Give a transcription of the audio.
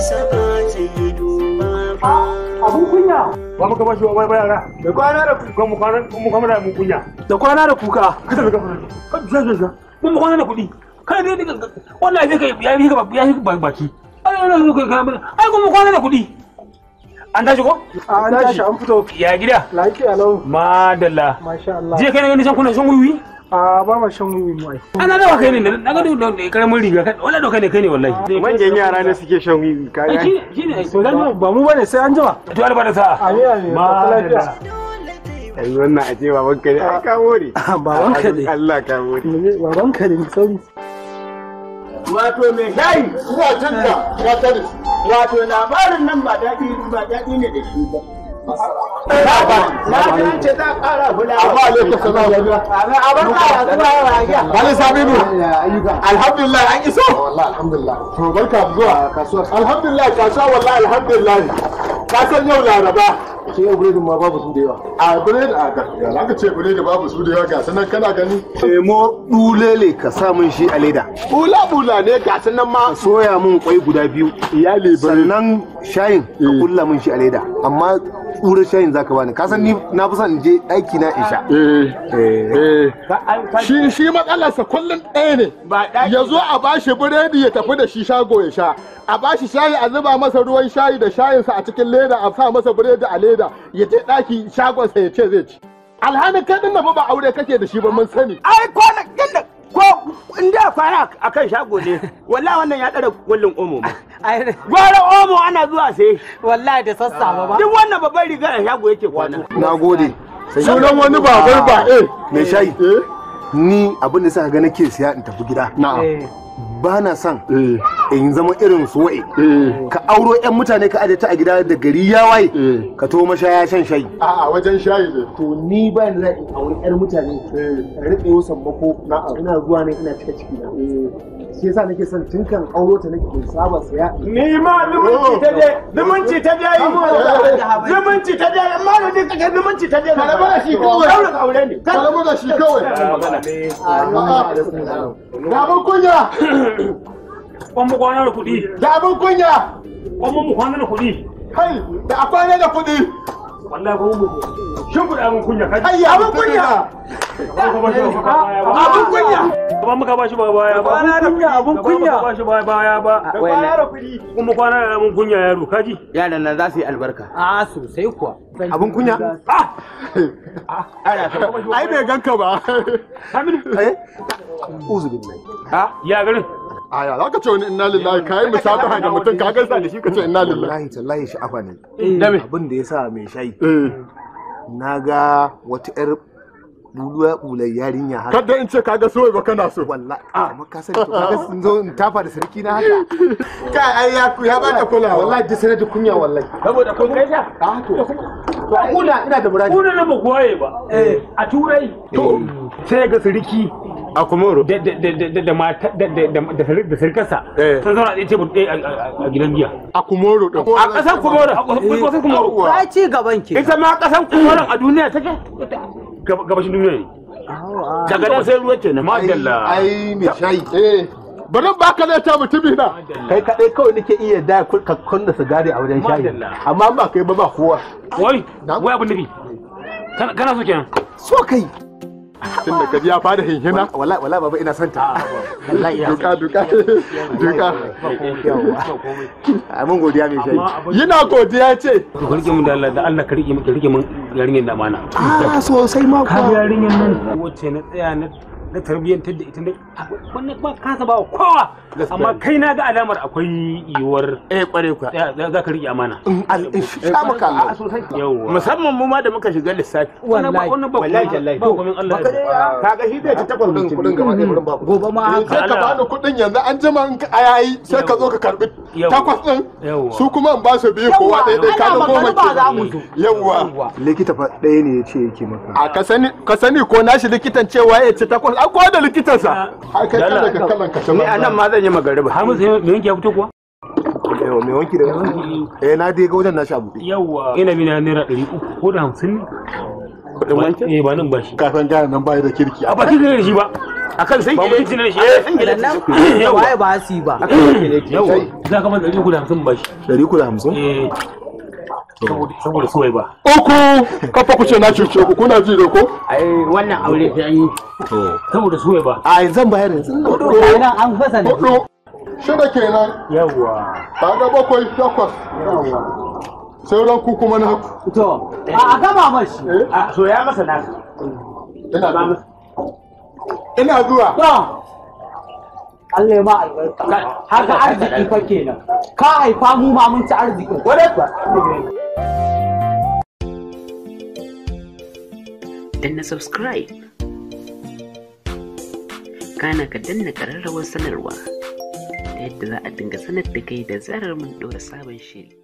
abun kunya ba mu kama shi da kwana da kuka mu kama da kunya da kwana da kuka ka mun kwana da kuɗi kai dai daga wallahi sai kai ya yi ka ya yi ka baki ai wannan su kai kana ai kuma kwana da kuɗi an tashi ko ah, an tashi an fito ya gida lafiya lau madalla masha Allah je kai ne kuna a ba ma shan wiwi mu ai ana da kai ne na ga da karamin riga kai wala da kai ne kai ne wallahi manyan yara ne suke shan wiwi ka ga shine shine ba mu bane sai an jima to albarka sa amin amin ma ai wannan aje baban ka ne ai kawo ne baban ka ah, ne Allah kawo ne baban ka ne sauri wato me shayi kuwa tunka wato labarin nan ba daɗi ba daɗi ne da shi ba alhamdulillah an iso alhamdulillah to barka zuwa kasuwa alhamdulillah kasuwa wallahi alhamdulillah ka san yau laraba sai yau biredin ma babu su da yawa a biredi a ga yana ka ce biredi babu su da yawa ga sanan kana gani lemo dulele ka sa min shi a leda bula bula ne ga sanan ma soya min kwai guda biyu iyali sannan shayin ka eh. kulla min shi a leda amma tsurar shayin za ka bani ka san ni na fi son je ɗaki na in sha eh. Eh. shi shi matsalarsa kullum ɗaya ne ya zo a bashi biredi ya tafi da shi shago ya sha a bashi shayi a zuba masa ruwan shayi da shayinsa a cikin leda a sa masa biredi a leda leda ya je ɗaki shagonsa ya ce zai ci alhani kai din ba aure kake da shi ba mun sani ai ko na da ko in da kwana a kan shago ne wallahi wannan ya tsara gullin omo ma. gwara omo ana zuwa sai wallahi da sassa ba ba. duk wannan babban rigar shago yake kwana Na gode. sunan wani babar ba eh mai eh. shayi eh. ni abin da sa ga nake siya in tafi gida na'am eh. ba na son eh. in zama irin su wa'i eh. ka auro yan mutane ka ajiye ta a gida da gari ya waye eh. ka to mashaya shan shayi a'a wajen shayi ne to ni ba ni zai auri yan mutane rike wasan mako ina zuwa ne ina cika ciki na shi yasa nake son tun kan auro ta nake kun saba saya ni ma zumunci ta je zumunci ta je yi zumunci ta je amma da duk kake zumunci ta je kalama da shi kawai kalama da aure ne kalama da shi kawai da abin kunya kwan mu kwana da kuɗi da abin kunya kwan mu kwana da kuɗi kai da akwai da kuɗi wallahi ba mu shin kuɗa abin kunya kai ai abun kunya abun kunya ba muka ba baya ba kwana da kunya abin kunya ba baya ba kwana da kuma kwana da kunya yaro kaji yaran nan za su yi albarka a sosai kuwa abun kunya ah! Ah! ai bai ganka ba eh? Uzu bin nan. Ha? Ya garin. aya za ka ce wani inna lillahi yi musabaha da mutum ka gaisa da shi ka ce inna lillahi wallahi tallahi sha'afa ne eh, abin da yasa mai shayi eh. na ga wata yar buluwa bulai yarinya haka kada in ce kaga so ba kana so wallahi amma ka sani to kaga sun zo in tafa da sarki na haka kai ai ya ku ya ba da kula wallahi da sanadi kunya wallahi saboda kun kai ta a to to kuna ina da muradi kuna na ba goye ba eh. a turai to sai ga sarki a kumoro da sirkarsa sun zauna eh, a tebur a gidan giya a kumoro din a ƙasar kumoro a kasan eh. kumoro ta ci gaban ki ita ma ƙasar kumoro a duniya ta ke gabashin duniya ne daga nan sai ruwa ce na madalla ai mai shayi eh. bari ba ka zai ta mutumi na kai kaɗai kawai nake iya da kakkon da sigari a wajen shayi amma ba kai ba ba kowa wai wai abin nufi kana so kenan so kai tun da kaji ya fara hinhina wala wala baba ina son ta ah, wallahi duka duka duka a mun godiya mai shi yana godiya ce ku rike mun da Allah da Allah ka rike mun ka rike mun yarinyar da amana ah sosai ma ku yarinyar nan wacce na tsaya na na tarbiyyantar da ita wannan ba kasa ba kowa amma kai na ga alamar akwai yiwuwar eh kware ku za ka rike amana insha eh, maka ah, yawa musamman mu ma da muka shiga lissafi wallahi wallahi jallahi ba gomin Allah ka ga hidaya ta takwas kudin kudin gaba ɗaya ba gobe ma eh, haka ka bani kudin yanzu an jima in ka ayayi sai ka zo ka karbi takwas din su kuma ba su biyu kowa ɗaya ɗaya kaga goma ke yawwa likita fa ɗaya ne ya ce yake maka a ka sani ko nashi likitan cewa ya ce takwas an kowa da likitansa har ah. kai kada daga kalan ka ni nan ma zan yi magariba har mu sai me yanke ya fito kuwa yawa eh, mai wanki da eh na dai ga wajen nashi abu yawa ina mina naira 300 ko da 50 kudin wanki eh ba nan ba shi kafin gane nan ba da kirki a ba kirki da shi ba akan sun kire injiniyan shi sun ba shi ba eh. su ba yawa za ka man 350 ba shi 350 saboda suwai ba uku kafa kuce na cuce ku kuna ji da ko ai wannan aure ta yi saboda suwai ba ai zan bayar yanzu nan an fasa ne shida kenan yawa kaga bakwai takwas sauran ku kuma na to a gama mashi eh? a soya masa nasu ina ba masa ina zuwa Allah ma albarka haka arziki fa kenan ka haifa mu ma mun ci arziki danna subscribe kana ka danna kararrawar sanarwa ta yadda za a dinga sanar da kai da zarar mun ɗora sabon shiri